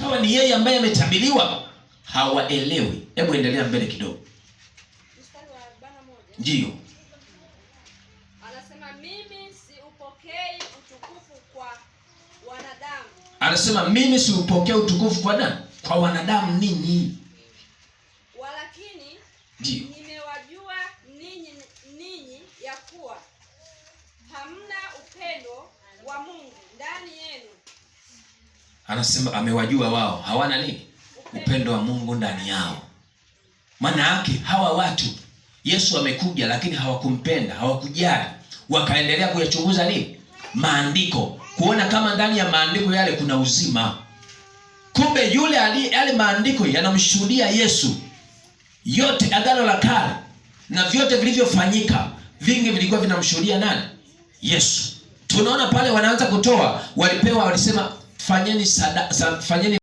kama ni yeye ambaye ametabiriwa hawaelewi. Hebu endelea mbele kidogo. Ndio. Anasema mimi siupokei utukufu kwa wanadamu. Anasema mimi siupokei utukufu kwa nani? Kwa wanadamu ninyi. Walakini, ndio. Nimewajua ninyi ninyi ya kuwa anasema amewajua wao hawana nini, upendo wa Mungu ndani yao. Maana yake hawa watu Yesu amekuja, lakini hawakumpenda, hawakujali, wakaendelea kuyachunguza nini, maandiko, kuona kama ndani ya maandiko yale kuna uzima. Kumbe yule ali, yale maandiko yanamshuhudia Yesu yote, agano la kale na vyote vilivyofanyika vingi vilikuwa vinamshuhudia nani? Yesu. Tunaona pale wanaanza kutoa, walipewa, walisema fanyeni sada, fanyeni